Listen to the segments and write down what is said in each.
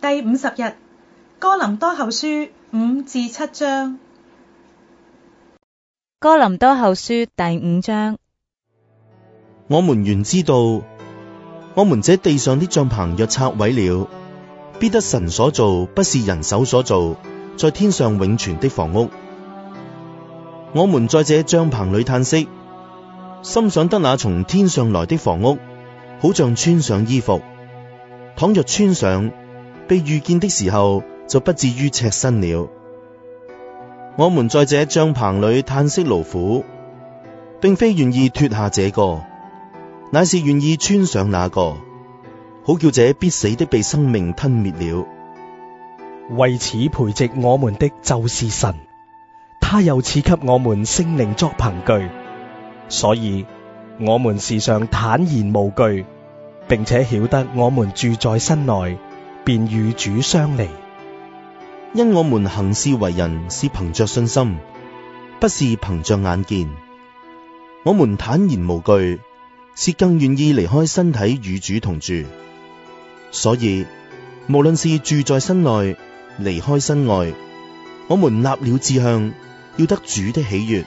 第五十日，哥林多後書五至七章。哥林多後書第五章。我們原知道，我們這地上的帳篷若拆毀了，必得神所造，不是人手所造，在天上永存的房屋。我們在這帳篷裏嘆息，心想得那從天上來的房屋，好像穿上衣服，倘若穿上。被遇見的時候，就不至於赤身了。我們在這帳篷裏嘆息勞苦，並非願意脫下這個，乃是願意穿上那個，好叫這必死的被生命吞滅了。為此培植我們的就是神，他又賜給我們聖靈作憑據，所以我們時常坦然無懼，並且曉得我們住在身內。便與主相離，因我們行事為人是憑着信心，不是憑着眼見。我們坦然無懼，是更願意離開身體與主同住。所以，無論是住在身內，離開身外，我們立了志向，要得主的喜悅，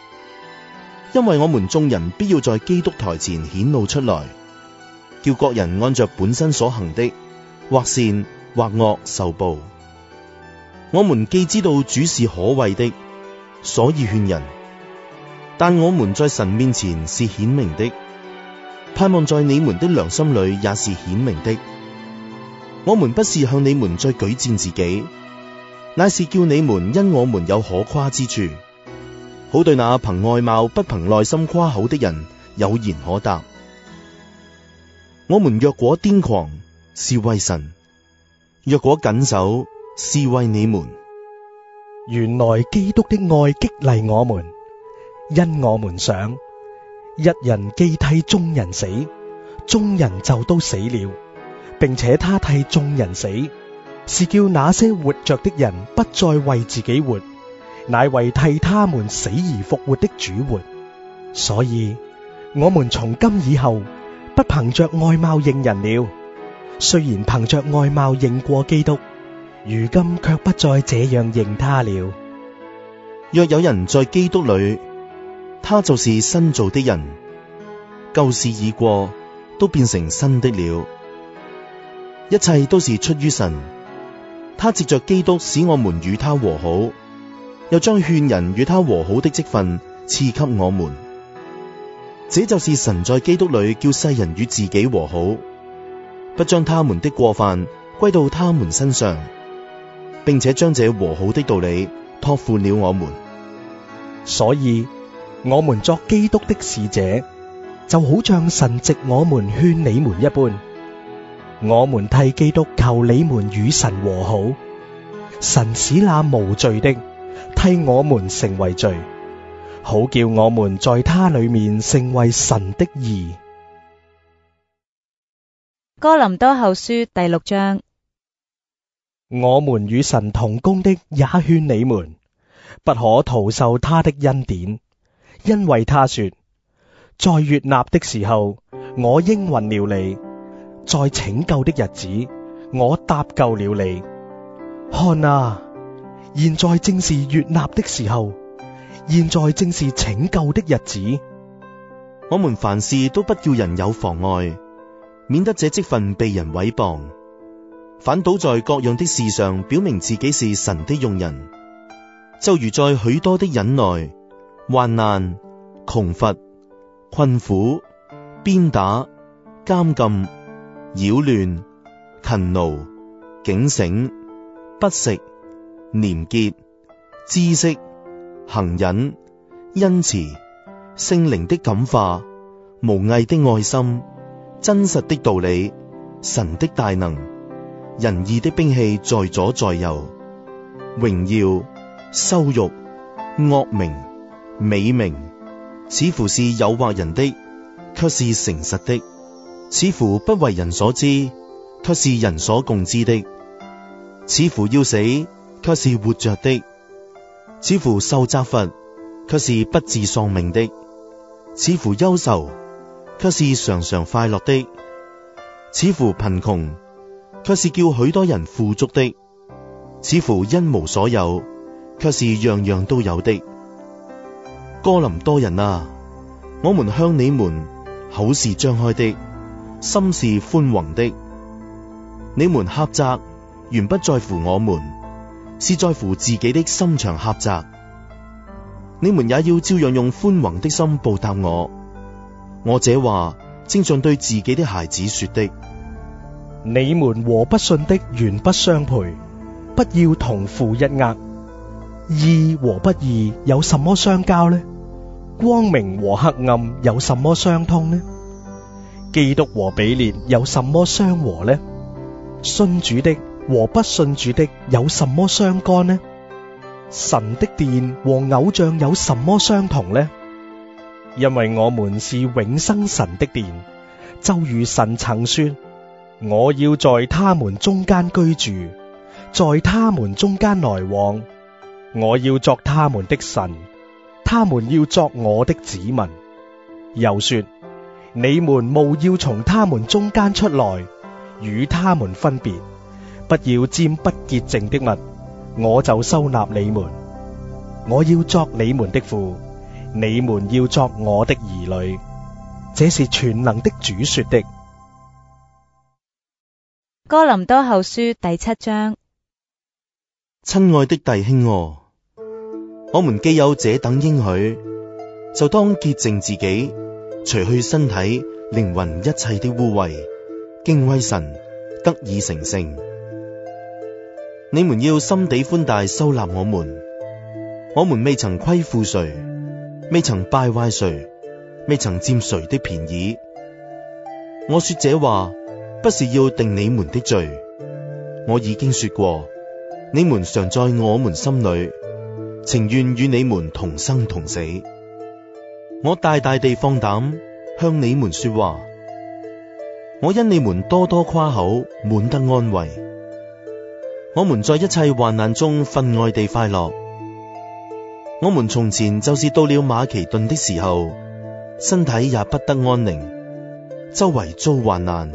因為我們眾人必要在基督臺前顯露出來，叫各人按着本身所行的，或善，或惡受報，我們既知道主是可畏的，所以勸人；但我們在神面前是顯明的，盼望在你們的良心裏也是顯明的。我們不是向你們再舉薦自己，乃是叫你們因我們有可誇之處，好對那憑外貌不憑內心誇口的人有言可答。我們若果癲狂，是為神。若果謹守，是為你們。原來基督的愛激勵我們，因我們想，一人既替眾人死，眾人就都死了，並且他替眾人死，是叫那些活着的人不再為自己活，乃為替他們死而復活的主活。所以，我們從今以後，不憑着外貌認人了。雖然憑着外貌認過基督，如今卻不再這樣認他了。若有人在基督裏，他就是新造的人，舊事已過，都變成新的了。一切都是出於神，他藉着基督使我們與他和好，又將勸人與他和好的職分賜給我們。這就是神在基督裏叫世人與自己和好。不將他們的過犯歸到他們身上，並且將這和好的道理託付了我們，所以，我們作基督的使者，就好像神藉我們勸你們一般，我們替基督求你們與神和好，神使那無罪的替我們成為罪，好叫我們在他裏面成為神的義。哥林多後書第六章，我們與神同工的也勸你們，不可徒受他的恩典，因為他說：在悅納的時候，我應允了你；在拯救的日子，我搭救了你。看啊，現在正是悅納的時候，現在正是拯救的日子。我們凡事都不叫人有妨礙。免得這職分被人毀謗，反倒在各樣的事上表明自己是神的用人。就如在許多的忍耐、患難、窮乏、困苦、鞭打、監禁、擾亂、勤勞、警醒、不食、廉潔、知識、行忍、恩慈、聖靈的感化、無偽的愛心。真實的道理，神的大能，仁義的兵器在左在右，榮耀、羞辱、惡名、美名，似乎是誘惑人的，却是誠實的；似乎不為人所知，却是人所共知的；似乎要死，却是活着的；似乎受責罰，却是不致喪命的；似乎憂愁。卻是常常快樂的，似乎貧窮，卻是叫許多人富足的；似乎一無所有，卻是樣樣都有的。哥林多人啊，我們向你們口是張開的，心是寬宏的。你們狹窄，原不在乎我們，是在乎自己的心腸狹窄。你們也要照樣用寬宏的心報答我。我這話正像對自己的孩子說的：你們和不信的原不相配，不要同負一軛。義和不義有什麼相交呢？光明和黑暗有什麼相通呢？基督和彼列有什麼相和呢？信主的和不信主的有什麼相干呢？神的殿和偶像有什麼相同呢？因為我們是永生神的殿，就如神曾說：我要在他們中間居住，在他們中間來往，我要作他們的神，他們要作我的子民。又說：你們務要從他們中間出來，與他們分別，不要沾不潔淨的物，我就收納你們，我要作你們的父。你們要作我的兒女，這是全能的主說的。哥林多後書第七章，親愛的弟兄我，我們既有這等應許，就當潔淨自己，除去身體、靈魂一切的污穢，敬畏神，得以成聖。你們要心地寬大，收納我們，我們未曾虧負誰。未曾敗壞誰，未曾佔誰的便宜。我說這話，不是要定你們的罪。我已經說過，你們常在我們心裏，情願與你們同生同死。我大大地放膽向你們說話，我因你們多多誇口，滿得安慰。我們在一切患難中分外地快樂。我們從前就是到了馬其頓的時候，身體也不得安寧，周圍遭患難，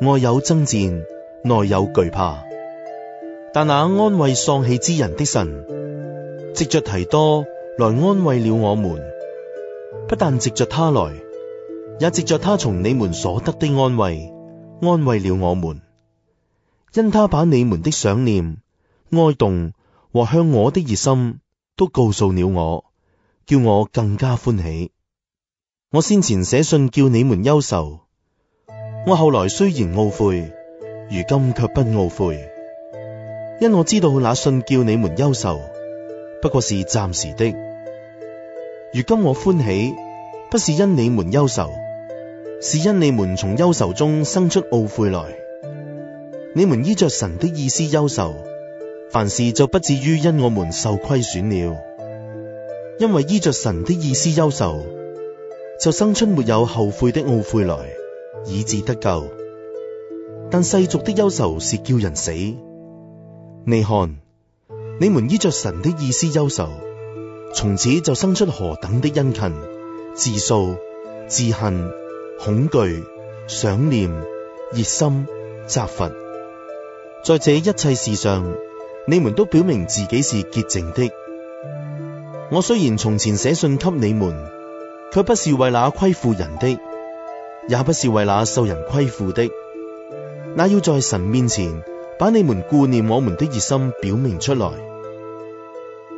外有爭戰，內有懼怕。但那安慰喪氣之人的神，藉着提多來安慰了我們。不但藉着他來，也藉着他從你們所得的安慰，安慰了我們。因他把你們的想念、哀慟和向我的熱心。都告訴了我，叫我更加歡喜。我先前寫信叫你們憂愁，我後來雖然懊悔，如今卻不懊悔，因我知道那信叫你們憂愁，不過是暫時的。如今我歡喜，不是因你們憂愁，是因你們從憂愁中生出懊悔來。你們依着神的意思憂愁。凡事就不至於因我們受虧損了，因為依着神的意思憂愁，就生出沒有後悔的懊悔來，以致得救。但世俗的憂愁是叫人死。你看，你們依着神的意思憂愁，從此就生出何等的殷勤、自訴、自恨、恐懼、想念、熱心、責罰，在這一切事上。你們都表明自己是潔淨的。我雖然從前寫信給你們，卻不是為那虧負人的，也不是為那受人虧負的。那要在神面前把你們顧念我們的熱心表明出來，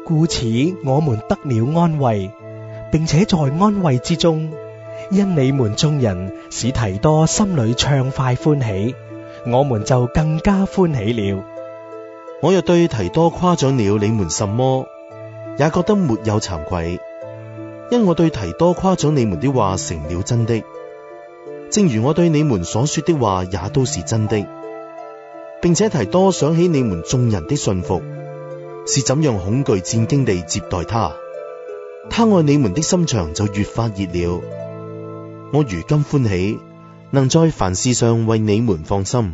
故此我們得了安慰，並且在安慰之中，因你們眾人使提多心裏暢快歡喜，我們就更加歡喜了。我又對提多誇獎了你們什麼，也覺得沒有慚愧，因我對提多誇獎你們的話成了真的，正如我對你們所說的話也都是真的，並且提多想起你們眾人的信服，是怎樣恐懼戰兢地接待他，他愛你們的心腸就越發熱了。我如今歡喜，能在凡事上為你們放心。